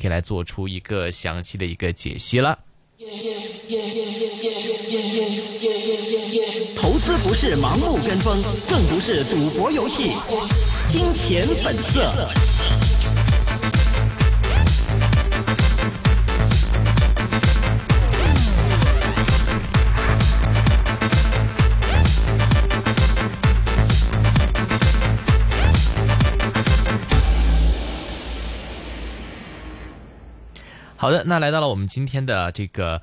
可以來做出一個詳細的一個解析了。投資不是盲目跟風，更不是賭博遊戲，金錢本色。好的，那來到了我們今天的這個。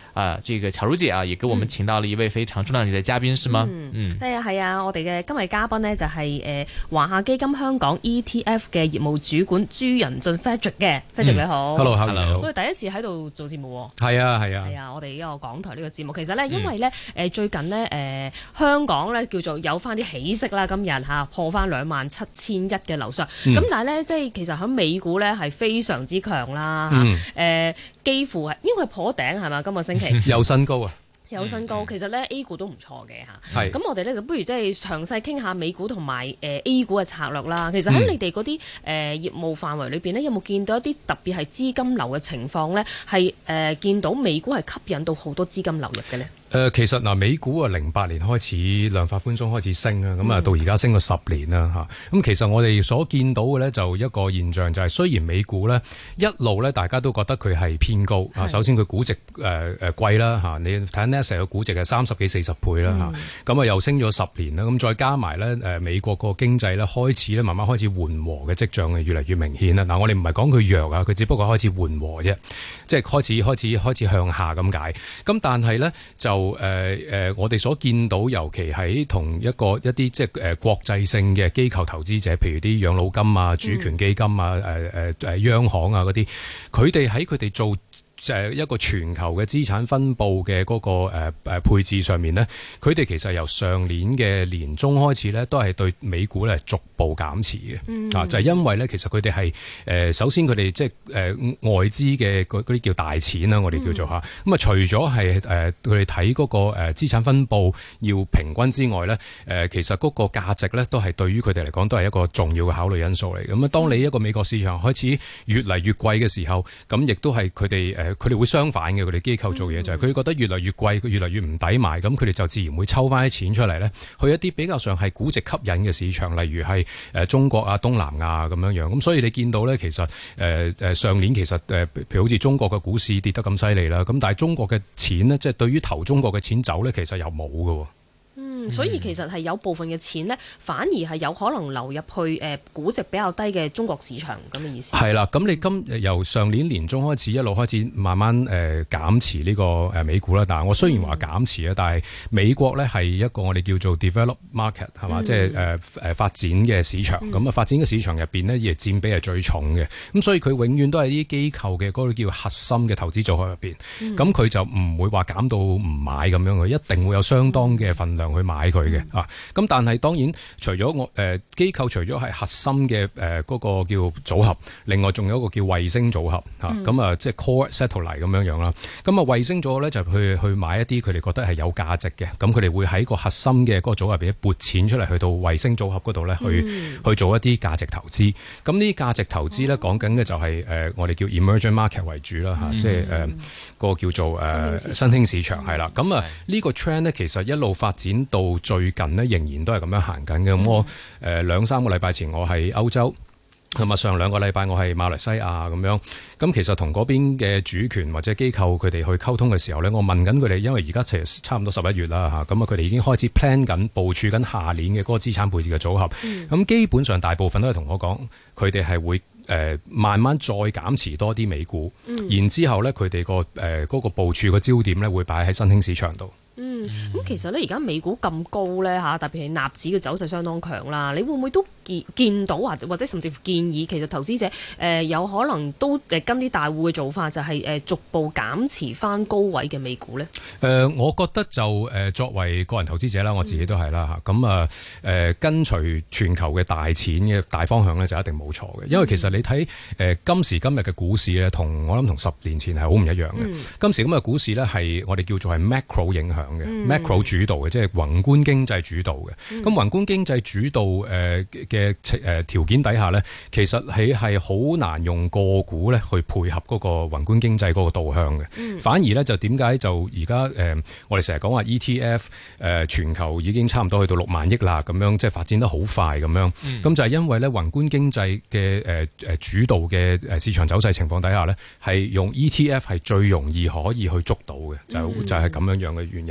啊，這個巧如姐啊，也給我們請到了一位非常重量級嘅嘉賓，嗯，是嗎？嗯，係啊，係啊，我哋嘅今日嘉賓呢，就係、是、誒、呃、華夏基金香港 ETF 嘅業務主管諸人進。嗯、Fedric 嘅 Fedric 你好，Hello，Hello。嗯、hello, hello, 好我哋第一次喺度做節目，係啊，係啊，係啊，我哋呢個港台呢個節目，其實呢，因為呢，誒、嗯呃、最近呢，誒、呃、香港呢叫做有翻啲起色啦，今日吓、啊、破翻兩萬七千一嘅樓上，咁、嗯、但係呢，即係其實喺美股呢，係非常之強啦，誒、啊。嗯呃幾乎係因為破頂係嘛？今個星期 有新高啊！有新高，其實咧 A 股都唔錯嘅嚇。咁係我哋咧就不如即係詳細傾下美股同埋誒 A 股嘅策略啦。其實喺你哋嗰啲誒業務範圍裏邊咧，有冇見到一啲特別係資金流嘅情況咧？係誒見到美股係吸引到好多資金流入嘅咧？誒、呃，其實嗱、呃，美股啊，零八年開始量化寬鬆開始升，升、嗯、啊，咁啊，到而家升咗十年啦，吓，咁其實我哋所見到嘅咧，就一個現象就係，雖然美股咧一路咧，大家都覺得佢係偏高啊，首先佢估值誒誒貴啦吓，你睇下 Nasdaq 嘅估值係三十幾四十倍啦吓，咁、嗯、啊又升咗十年啦，咁、啊、再加埋咧，誒、啊、美國個經濟咧開始咧慢慢開始緩和嘅跡象，越嚟越明顯啦，嗱我哋唔係講佢弱啊，佢只不過開始緩和啫，即係開始開始開始向下咁解，咁但係呢。就。誒、呃、誒、呃，我哋所見到，尤其喺同一個一啲即係誒國際性嘅機構投資者，譬如啲養老金啊、主權基金啊、誒誒誒央行啊嗰啲，佢哋喺佢哋做。就係、是、一個全球嘅資產分佈嘅嗰、那個誒、呃、配置上面呢，佢哋其實由上年嘅年中開始呢都係對美股咧逐步減持嘅。啊、嗯，就係、是、因為呢，其實佢哋係誒首先佢哋即係誒外資嘅嗰啲叫大錢啦，我哋叫做吓。咁、嗯、啊，除咗係誒佢哋睇嗰個誒資產分佈要平均之外呢誒、呃、其實嗰個價值呢都係對於佢哋嚟講都係一個重要嘅考慮因素嚟。咁啊，當你一個美國市場開始越嚟越貴嘅時候，咁亦都係佢哋誒。呃佢哋會相反嘅，佢哋機構做嘢就係佢覺得越嚟越貴，佢越嚟越唔抵買，咁佢哋就自然會抽翻啲錢出嚟呢去一啲比較上係估值吸引嘅市場，例如係中國啊、東南亞咁樣樣。咁所以你見到呢，其實誒、呃、上年其實誒、呃、譬如好似中國嘅股市跌得咁犀利啦，咁但係中國嘅錢呢，即係對於投中國嘅錢走呢，其實又冇㗎喎。嗯、所以其實係有部分嘅錢呢，反而係有可能流入去誒、呃、估值比較低嘅中國市場咁嘅意思。係啦，咁你今、呃、由上年年中開始一路開始慢慢誒、呃、減持呢個美股啦。但係我雖然話減持啊、嗯，但係美國呢係一個我哋叫做 develop market 係嘛、嗯，即係誒誒發展嘅市場。咁、嗯、啊發展嘅市場入面呢，亦佔比係最重嘅。咁所以佢永遠都係啲機構嘅嗰啲叫核心嘅投資組合入邊。咁、嗯、佢就唔會話減到唔買咁樣，佢一定會有相當嘅份量去買買佢嘅吓，咁、啊、但係當然除咗我誒機、呃、構除咗係核心嘅誒、呃嗰個叫組合，另外仲有一個叫衛星組合吓，咁啊即係、嗯啊就是、core satellite 咁樣樣啦。咁啊衛星組合咧就去去買一啲佢哋覺得係有價值嘅，咁佢哋會喺個核心嘅個組合入邊撥錢出嚟，去到衛星組合度咧、嗯、去去做一啲價值投資。咁呢價值投資咧講緊嘅就係誒我哋叫 emerging market 為主啦吓、啊嗯，即係誒、呃嗰個叫做誒、呃、新興市場係啦。咁啊呢個 trend 咧其實一路發展到。到最近呢，仍然都係咁樣行緊嘅。咁我誒兩三個禮拜前，我喺歐洲，同埋上兩個禮拜我喺馬來西亞咁樣。咁其實同嗰邊嘅主權或者機構佢哋去溝通嘅時候呢，我問緊佢哋，因為而家其實差唔多十一月啦吓，咁啊佢哋已經開始 plan 緊部署緊下年嘅嗰個資產配置嘅組合。咁、嗯、基本上大部分都係同我講，佢哋係會誒、呃、慢慢再減持多啲美股，嗯、然之後呢，佢哋個誒嗰個部署嘅焦點呢，會擺喺新興市場度。嗯，咁其實咧，而家美股咁高咧吓，特別係納指嘅走勢相當強啦。你會唔會都見見到，或者甚至建議，其實投資者誒有可能都誒跟啲大戶嘅做法，就係誒逐步減持翻高位嘅美股呢？誒、呃，我覺得就誒作為個人投資者啦，我自己都係啦吓，咁啊誒跟隨全球嘅大錢嘅大方向咧，就一定冇錯嘅。因為其實你睇誒今時今日嘅股市咧，同我諗同十年前係好唔一樣嘅、嗯。今時今日股市咧，係我哋叫做係 macro 影響。macro、嗯、主導嘅，即係宏觀經濟主導嘅。咁、嗯、宏觀經濟主導誒嘅誒條件底下咧，其實係係好難用個股咧去配合嗰個宏觀經濟嗰個導向嘅、嗯。反而咧就點解就而家誒我哋成日講話 ETF 誒全球已經差唔多去到六萬億啦，咁樣即係發展得好快咁樣。咁、嗯、就係、是、因為咧宏觀經濟嘅誒誒主導嘅誒市場走勢情況底下咧，係用 ETF 係最容易可以去捉到嘅，就就係咁樣樣嘅原因。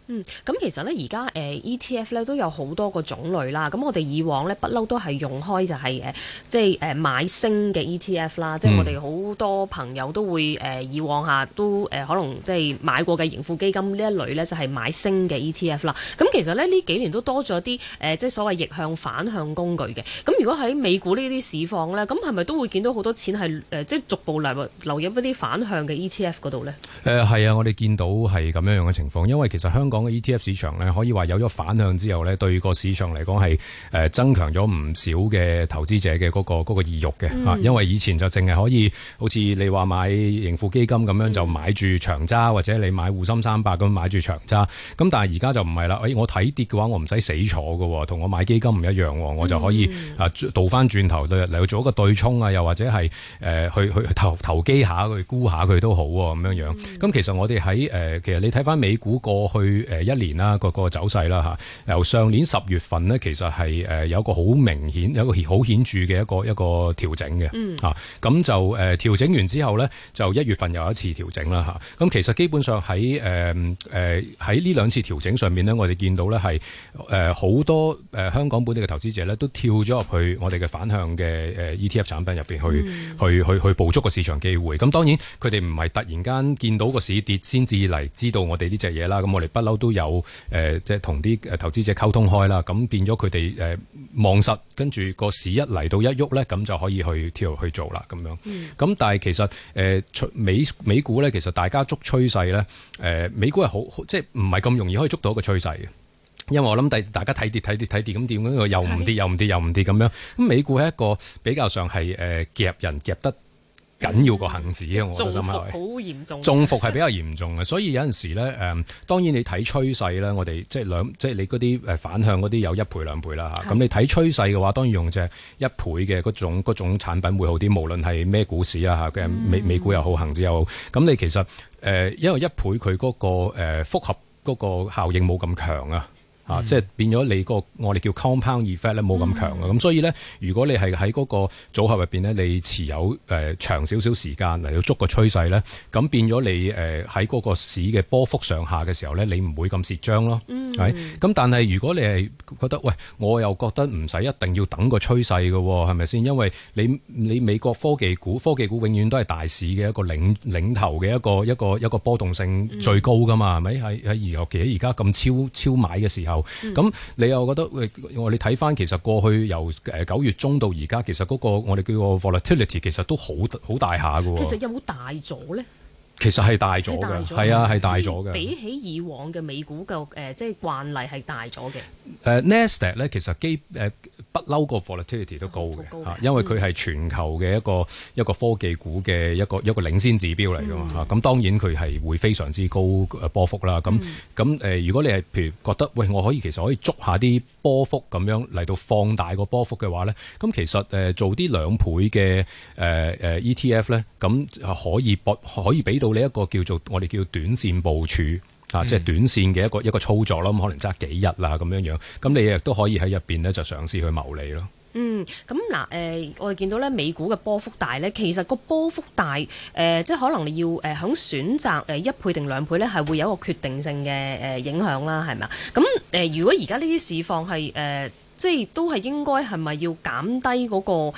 嗯，咁其實咧，而家誒 ETF 咧都有好多個種類啦。咁我哋以往咧不嬲都係用開就係誒，即係誒買升嘅 ETF 啦、嗯。即、就、係、是、我哋好多朋友都會誒以往下都誒可能即係買過嘅盈富基金呢一類咧，就係買升嘅 ETF 啦。咁其實咧呢幾年都多咗啲誒，即係所謂逆向反向工具嘅。咁如果喺美股呢啲市況咧，咁係咪都會見到好多錢係誒，即係逐步流入一啲反向嘅 ETF 嗰度咧？誒、嗯、係啊，我哋見到係咁樣樣嘅情況，因為其實香講嘅 ETF 市場咧，可以話有咗反向之後咧，對個市場嚟講係誒增強咗唔少嘅投資者嘅嗰個個意欲嘅吓，因為以前就淨係可以好似你話買盈富基金咁樣就買住長揸，或者你買滬深三百咁買住長揸，咁但係而家就唔係啦，誒我睇跌嘅話我唔使死坐嘅，同我買基金唔一樣，我就可以誒倒翻轉頭嚟到做一個對沖啊，又或者係誒去去投投機下去沽下佢都好咁樣樣。咁其實我哋喺誒，其實你睇翻美股過去。誒，一年啦，個個走勢啦吓，由上年十月份呢，其實係誒有一個好明顯，有一個好顯著嘅一個一個調整嘅。啊，咁就誒調整完之後呢，就一月份又一次調整啦吓，咁其實基本上喺誒誒喺呢兩次調整上面呢，我哋見到呢係誒好多誒香港本地嘅投資者呢都跳咗入去我哋嘅反向嘅誒 ETF 產品入邊去，嗯，去，去去去捕捉個市場機會。咁當然佢哋唔係突然間見到個市跌先至嚟知道我哋呢隻嘢啦，咁我哋不都有、呃、即係同啲投資者溝通開啦，咁變咗佢哋望實，跟住個市一嚟到一喐咧，咁就可以去跳去做啦咁樣咁、嗯、但係其實、呃、美美股咧，其實大家捉趨勢咧、呃，美股係好，好即係唔係咁容易可以捉到一個趨勢嘅，因為我諗第大家睇跌睇跌睇跌咁點，咁又又唔跌又唔跌又唔跌咁樣，咁、嗯、美股係一個比較上係、呃、夾人夾得。緊要個恆指啊！我重複好嚴重，重複係比較嚴重嘅， 所以有陣時咧誒、呃，當然你睇趨勢咧，我哋即係兩，即你嗰啲反向嗰啲有一倍兩倍啦嚇。咁你睇趨勢嘅話，當然用隻一倍嘅嗰種嗰種產品會好啲，無論係咩股市啊嚇嘅，美美股又好，恒指又好。咁你其實、呃、因為一倍佢嗰、嗰個複、呃、複合嗰個效應冇咁強啊。啊、嗯，即係變咗你個我哋叫 compound effect 咧，冇咁強啊，咁、嗯、所以咧，如果你係喺嗰個組合入面，咧，你持有誒、呃、長少少時間嚟到捉個趨勢咧，咁變咗你喺嗰個市嘅波幅上下嘅時候咧，你唔會咁蝕張咯。咁、嗯，但係如果你係覺得喂，我又覺得唔使一定要等個趨勢嘅喎，係咪先？因為你你美國科技股，科技股永遠都係大市嘅一個領領頭嘅一個一個一個，一個波動性最高㗎嘛，係、嗯、咪？喺喺而學期而家咁超超買嘅時候。咁、嗯、你又覺得？我哋睇翻其實過去由誒九月中到而家，其實嗰、那個我哋叫個 volatility 其實都好好大下嘅。其實有冇大咗咧？其實係大咗嘅，係啊，係大咗嘅。就是、比起以往嘅美股嘅誒，即、呃、係、就是、慣例係大咗嘅。誒 Nasdaq 咧，其實基誒。呃不嬲個 volatility 都高嘅，因為佢係全球嘅一個一個科技股嘅一個一個領先指標嚟㗎嘛，咁當然佢係會非常之高波幅啦。咁、嗯、咁、呃、如果你係譬如覺得喂，我可以其實可以捉下啲波幅咁樣嚟到放大個波幅嘅話咧，咁其實、呃、做啲兩倍嘅誒、呃呃、ETF 咧，咁可以博可以俾到你一個叫做我哋叫做短線部署。即係短線嘅一個一個操作咯，咁可能揸幾日啦，咁樣樣，咁你亦都可以喺入邊呢就嘗試去謀利咯。嗯，咁嗱，誒、嗯呃，我哋見到咧美股嘅波幅大咧，其實個波幅大，誒、呃，即係可能你要誒，響、呃、選擇誒一倍定兩倍咧，係會有一個決定性嘅誒影響啦，係咪啊？咁誒、呃，如果而家呢啲市況係誒。呃即係都係應該係咪要減低嗰個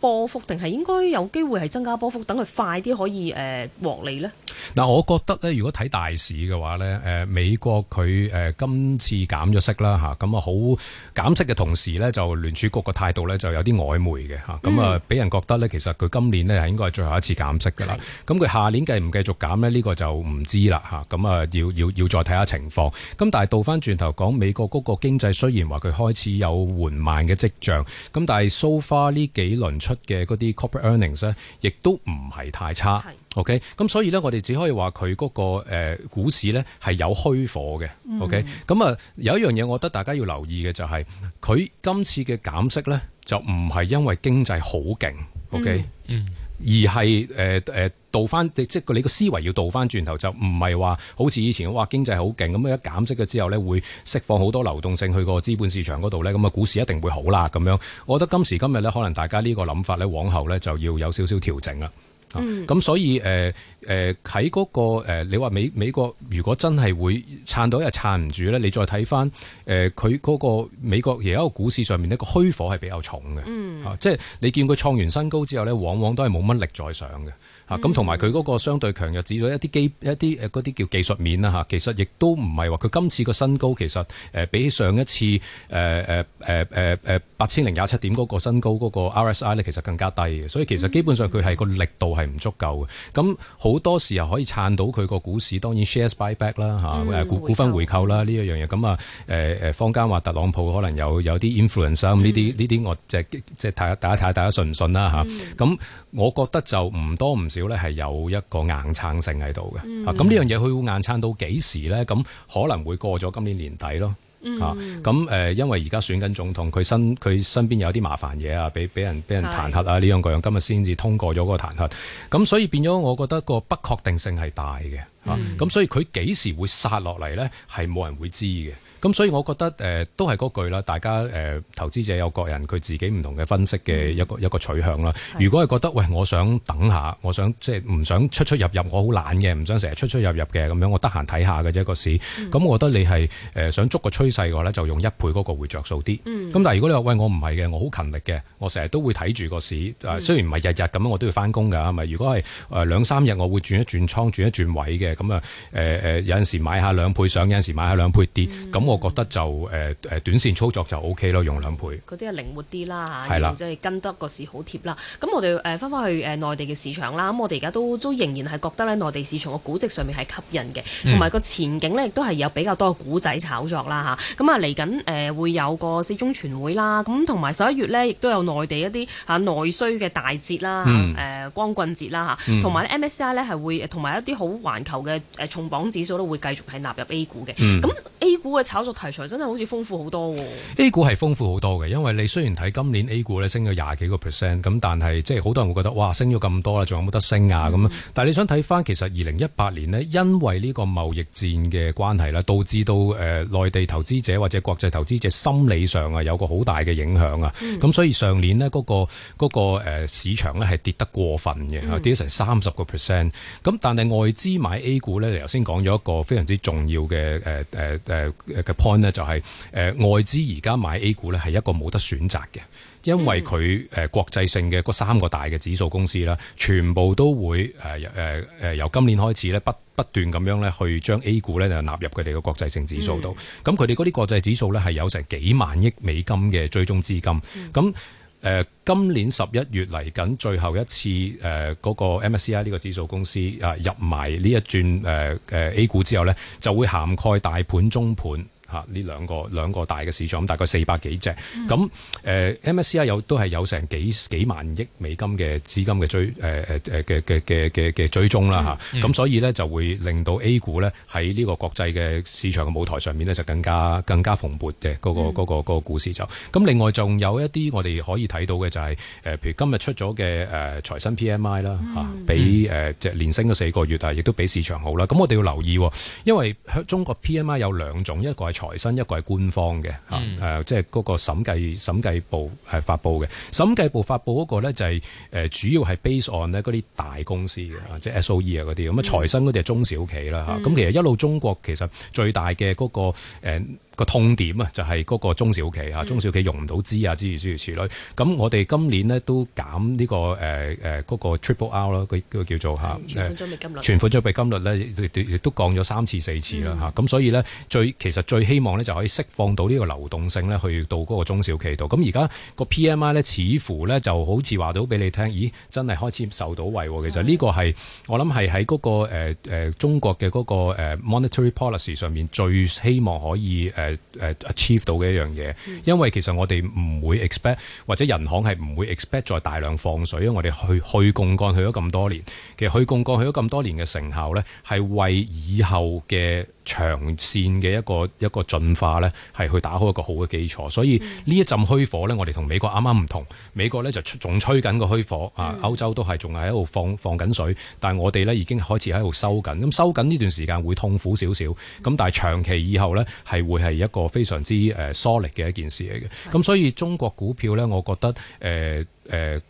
波幅，定係應該有機會係增加波幅，等佢快啲可以誒、呃、獲利呢？嗱、呃，我覺得咧，如果睇大市嘅話咧，誒、呃、美國佢誒、呃、今次減咗息啦嚇，咁啊好減息嘅同時咧，就聯儲局嘅態度咧就有啲曖昧嘅嚇，咁啊俾、嗯啊、人覺得咧，其實佢今年呢係應該係最後一次減息㗎啦。咁佢、啊、下年繼唔繼續減咧？呢、呢個就唔知啦嚇。咁啊，啊要要要再睇下情況。咁、啊、但係倒翻轉頭講美國嗰個經濟，雖然話佢開始有，有緩慢嘅跡象，咁但係 so far 呢幾輪出嘅嗰啲 corporate earnings 咧，亦都唔係太差。OK，咁所以呢，我哋只可以話佢嗰個誒股市呢係有虛火嘅、嗯。OK，咁啊有一樣嘢，我覺得大家要留意嘅就係佢今次嘅減息呢，就唔係因為經濟好勁、嗯。OK，嗯。而係誒誒倒翻，即係你個思維要倒翻轉頭，就唔係話好似以前哇經濟好勁咁樣一減息咗之後呢，會釋放好多流動性去個資本市場嗰度呢。咁，啊股市一定會好啦咁樣。我覺得今時今日呢，可能大家呢個諗法呢，往後呢就要有少少調整啦。咁、嗯啊、所以誒誒喺嗰個、呃、你話美美國如果真係會撐到一日撐唔住咧，你再睇翻誒佢嗰個美國而家個股市上面呢個虛火係比較重嘅，即、啊、係、嗯啊就是、你見佢創完新高之後咧，往往都係冇乜力再上嘅嚇，咁同埋佢嗰個相對強弱指咗一啲基一啲誒啲叫技術面啦嚇、啊，其實亦都唔係話佢今次個新高其實誒、呃、比起上一次誒誒誒誒誒八千零廿七點嗰個新高嗰個 RSI 咧其實更加低嘅，所以其實基本上佢係個力度係、嗯。是係唔足夠嘅，咁好多時又可以撐到佢個股市，當然 shares buy back 啦、嗯、嚇，誒股股份回購啦呢一樣嘢。咁啊誒誒，坊間話特朗普可能有有啲 influence 啊，呢啲呢啲我即係即係睇下睇下睇下大家信唔信啦嚇。咁、嗯、我覺得就唔多唔少咧係有一個硬撐性喺度嘅。咁、嗯、呢樣嘢佢會硬撐到幾時咧？咁可能會過咗今年年底咯。嗯、啊，咁誒，因為而家選緊總統，佢身佢身邊有啲麻煩嘢啊，俾俾人俾人彈劾啊，呢是樣嗰樣，今日先至通過咗嗰個彈劾，咁、啊、所以變咗，我覺得個不確定性係大嘅，嚇、啊，咁、嗯啊、所以佢幾時會殺落嚟咧，係冇人會知嘅。咁所以我覺得誒、呃、都係嗰句啦，大家誒、呃、投資者有各人佢自己唔同嘅分析嘅一個、嗯、一個取向啦。嗯、如果係覺得喂，我想等下，我想即係唔想出出入入，我好懶嘅，唔想成日出出入入嘅咁樣，我得閒睇下嘅啫個市。咁、嗯、我覺得你係誒、呃、想捉個趨勢嘅話，咧，就用一倍嗰個會着數啲。咁、嗯、但係如果你話喂，我唔係嘅，我好勤力嘅，我成日都會睇住個市。嗯、雖然唔係日日咁樣，我都要翻工㗎咪。如果係誒兩三日，我會轉一轉倉轉一轉位嘅。咁啊誒誒有陣時買下兩倍上，有陣時買下兩倍跌。咁、嗯我覺得就誒誒短線操作就 O K 咯，用兩倍。嗰啲啊靈活啲啦嚇，即係跟得個市好貼啦。咁我哋誒翻返去誒內地嘅市場啦。咁我哋而家都都仍然係覺得咧內地市場個估值上面係吸引嘅，同埋個前景咧亦都係有比較多嘅股仔炒作啦嚇。咁啊嚟緊誒會有個四中全會啦，咁同埋十一月咧亦都有內地一啲嚇、啊、內需嘅大節啦嚇、嗯啊，光棍節啦嚇，同埋 MSCI 咧係會同埋一啲好環球嘅誒重磅指數都會繼續係納入 A 股嘅。咁、啊嗯、A 股嘅炒個題材真係好似豐富好多喎，A 股係豐富好多嘅，因為你雖然睇今年 A 股咧升咗廿幾個 percent，咁但係即係好多人會覺得哇升咗咁多啦，仲有冇得升啊咁啊？但係你想睇翻其實二零一八年咧，因為呢個貿易戰嘅關係啦，導致到誒內地投資者或者國際投資者心理上啊有個好大嘅影響啊，咁所以上年咧嗰個嗰個誒市場咧係跌得過分嘅，跌成三十個 percent，咁但係外資買 A 股咧，你頭先講咗一個非常之重要嘅誒誒誒誒。point 就係、是、誒、呃、外資而家買 A 股呢，係一個冇得選擇嘅，因為佢誒、嗯、國際性嘅嗰三個大嘅指數公司啦，全部都會誒誒誒由今年開始呢，不不斷咁樣呢去將 A 股呢，就納入佢哋嘅國際性指數度。咁佢哋嗰啲國際指數呢，係有成幾萬億美金嘅追蹤資金。咁、嗯、誒、嗯呃、今年十一月嚟緊最後一次誒嗰、呃那個 MSCI 呢個指數公司啊入埋呢一轉誒誒 A 股之後呢，就會涵蓋大盤中盤。呢兩個兩個大嘅市場，咁大概四百幾隻。咁、嗯、誒、uh, MSCI 有都係有成幾幾萬億美金嘅資金嘅追誒誒誒嘅嘅嘅嘅嘅追蹤啦嚇。咁、嗯啊嗯、所以呢，就會令到 A 股呢喺呢個國際嘅市場嘅舞台上面呢，就更加更加蓬勃嘅嗰、嗯那個嗰、那個嗰、那個故事就咁。另外仲有一啲我哋可以睇到嘅就係、是、誒，譬、呃、如今日出咗嘅誒財新 PMI 啦、嗯、嚇、啊，比誒、呃嗯、即係連升咗四個月啊，亦都比市場好啦。咁我哋要留意、哦，因為中國 PMI 有兩種，一個係。財新一個係官方嘅嚇，誒即係嗰個審計審計部係發布嘅，審計部發布嗰個咧就係、是、誒、呃、主要係 base 案咧嗰啲大公司嘅，即係 S O E 啊嗰啲，咁、就、啊、是、財新嗰啲係中小企啦嚇，咁、嗯啊、其實一路中國其實最大嘅嗰、那個、呃嗰個痛點啊，就係嗰個中小企啊，中小企融唔到資啊，之如之類之類。咁、嗯、我哋今年呢都減呢、這個誒誒嗰個 triple R 咯，佢叫做嚇，存、呃、款準備金率，存款準備金率咧亦都降咗三次四次啦嚇。咁、嗯啊、所以呢，最其實最希望呢就可以釋放到呢個流動性呢去到嗰個中小企度。咁而家個 PMI 呢，似乎呢就好似話到俾你聽，咦真係開始受到惠喎。其實呢個係、嗯、我諗係喺嗰個誒、呃、中國嘅嗰個 monetary policy 上面最希望可以，誒誒 achieve 到嘅一樣嘢，因為其實我哋唔會 expect，或者人行係唔會 expect 再大量放水，因為我哋去去槓桿去咗咁多年，其實去槓桿去咗咁多年嘅成效呢，係為以後嘅。長線嘅一個一個進化呢，係去打好一個好嘅基礎。所以呢一陣虛火呢，我哋同美國啱啱唔同。美國呢，就仲吹緊個虛火啊，歐洲都係仲係喺度放放緊水，但係我哋呢已經開始喺度收緊。咁收緊呢段時間會痛苦少少，咁但係長期以後呢，係會係一個非常之誒疏離嘅一件事嚟嘅。咁所以中國股票呢，我覺得誒誒。呃呃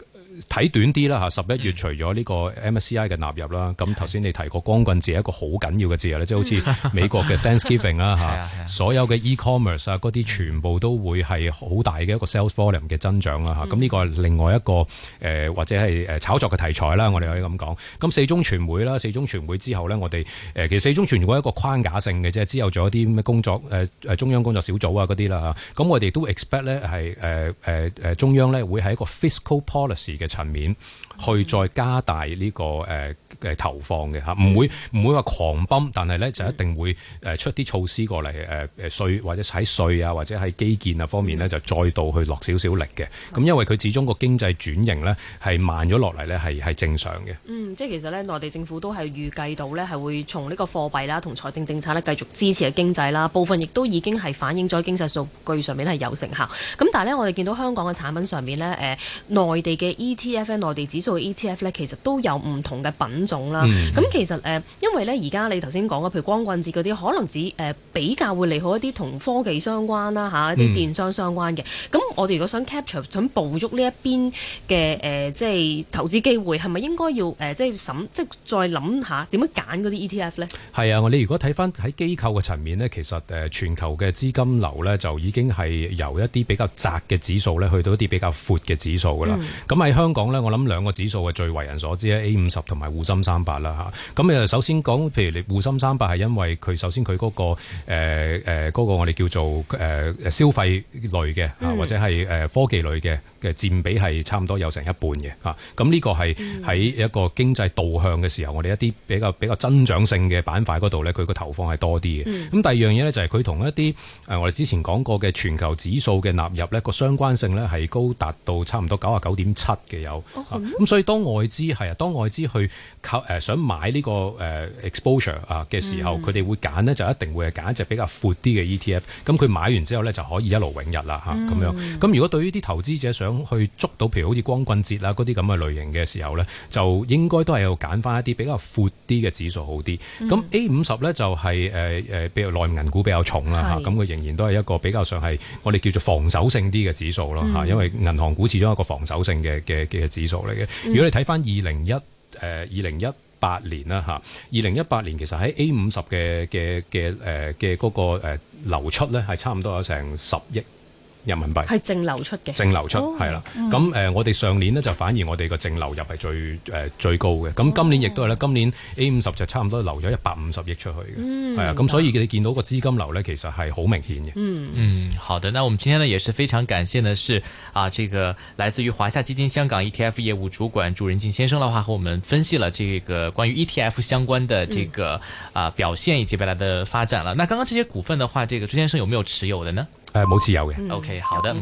睇短啲啦吓，十一月除咗呢個 MSCI 嘅納入啦，咁頭先你提過光棍節一個好緊要嘅節日咧，即係好似美國嘅 Thanksgiving 啦吓，所有嘅 e-commerce 啊嗰啲全部都會係好大嘅一個 sales volume 嘅增長啦吓，咁呢個係另外一個誒或者係誒炒作嘅題材啦，我哋可以咁講，咁四中全會啦，四中全會之後咧，我哋誒其實四中全會一個框架性嘅，即係之後做一啲咩工作，誒誒中央工作小組啊嗰啲啦吓，咁我哋都 expect 咧係誒誒誒中央咧會係一個 fiscal policy。嘅層面去再加大呢、這個誒誒、呃、投放嘅，吓唔會唔會話狂奔，但係咧就一定會誒出啲措施過嚟誒誒稅或者喺稅啊或者喺基建啊方面咧就再度去落少少力嘅。咁、嗯、因為佢始終個經濟轉型咧係慢咗落嚟咧係係正常嘅。嗯，即係其實咧內地政府都係預計到咧係會從呢個貨幣啦同財政政策咧繼續支持嘅經濟啦、啊，部分亦都已經係反映咗經濟數據上面係有成效。咁但係咧我哋見到香港嘅產品上面咧誒內地嘅醫、e E.T.F. 內地指數嘅 E.T.F. 呢，其實都有唔同嘅品種啦。咁、嗯、其實誒，因為呢，而家你頭先講嘅，譬如光棍節嗰啲，可能只誒比較會利好一啲同科技相關啦嚇、啊，一啲電商相關嘅。咁、嗯、我哋如果想 capture 想捕捉呢一邊嘅誒，即、呃、係、就是、投資機會，係咪應該要誒，即、呃、係、就是、審即係、就是、再諗下點樣揀嗰啲 E.T.F. 呢？係啊，我哋如果睇翻喺機構嘅層面呢，其實誒全球嘅資金流呢，就已經係由一啲比較窄嘅指數咧，去到一啲比較闊嘅指數噶啦。咁、嗯、喺香港咧，我諗兩個指數嘅最為人所知咧，A 五十同埋滬深三百啦，吓咁誒。首先講，譬如你滬深三百係因為佢首先佢嗰、嗰個誒誒嗰個我哋叫做誒、呃、消費類嘅，或者係誒科技類嘅。嘅佔比係差唔多有成一半嘅，咁呢個係喺一個經濟導向嘅時候，我哋一啲比較比較增長性嘅板塊嗰度呢，佢個投放係多啲嘅。咁、嗯、第二樣嘢呢，就係佢同一啲我哋之前講過嘅全球指數嘅納入呢個相關性呢，係高達到差唔多九啊九點七嘅有，咁、哦啊、所以當外資係啊，當外資去、呃、想買呢、呢個、呃、exposure 啊嘅時候，佢、嗯、哋會揀呢，就一定會係揀一隻比較闊啲嘅 ETF，咁佢買完之後呢，就可以一勞永逸啦咁樣。咁如果對於啲投資者想去捉到譬如好似光棍節啦嗰啲咁嘅類型嘅時候呢，就應該都係要揀翻一啲比較闊啲嘅指數好啲。咁 A 五十呢，就係誒誒，比較內銀股比較重啦嚇。咁佢、啊、仍然都係一個比較上係我哋叫做防守性啲嘅指數咯嚇、嗯。因為銀行股始終係一個防守性嘅嘅嘅指數嚟嘅、嗯。如果你睇翻二零一誒二零一八年啦嚇，二零一八年其實喺 A 五十嘅嘅嘅誒嘅嗰個流出呢，係差唔多有成十億。人民幣係淨流出嘅，淨流出係啦。咁、哦、誒，嗯、我哋上年呢，就反而我哋個淨流入係最、呃、最高嘅。咁今年亦都係啦，今年 A 五十就差唔多流咗一百五十億出去嘅，啊、嗯。咁、嗯、所以你見到個資金流咧，其實係好明顯嘅。嗯，好的。那我們今天呢也是非常感謝呢是啊，這個，來自於華夏基金香港 ETF 業務主管諸人進先生的話，和我們分析了這個關於 ETF 相關的這個、嗯、啊表現以及未來嘅發展了。那剛剛這些股份嘅話，這個諸先生有沒有持有的呢？誒、呃，冇持有嘅。O、okay, K，好的。好的。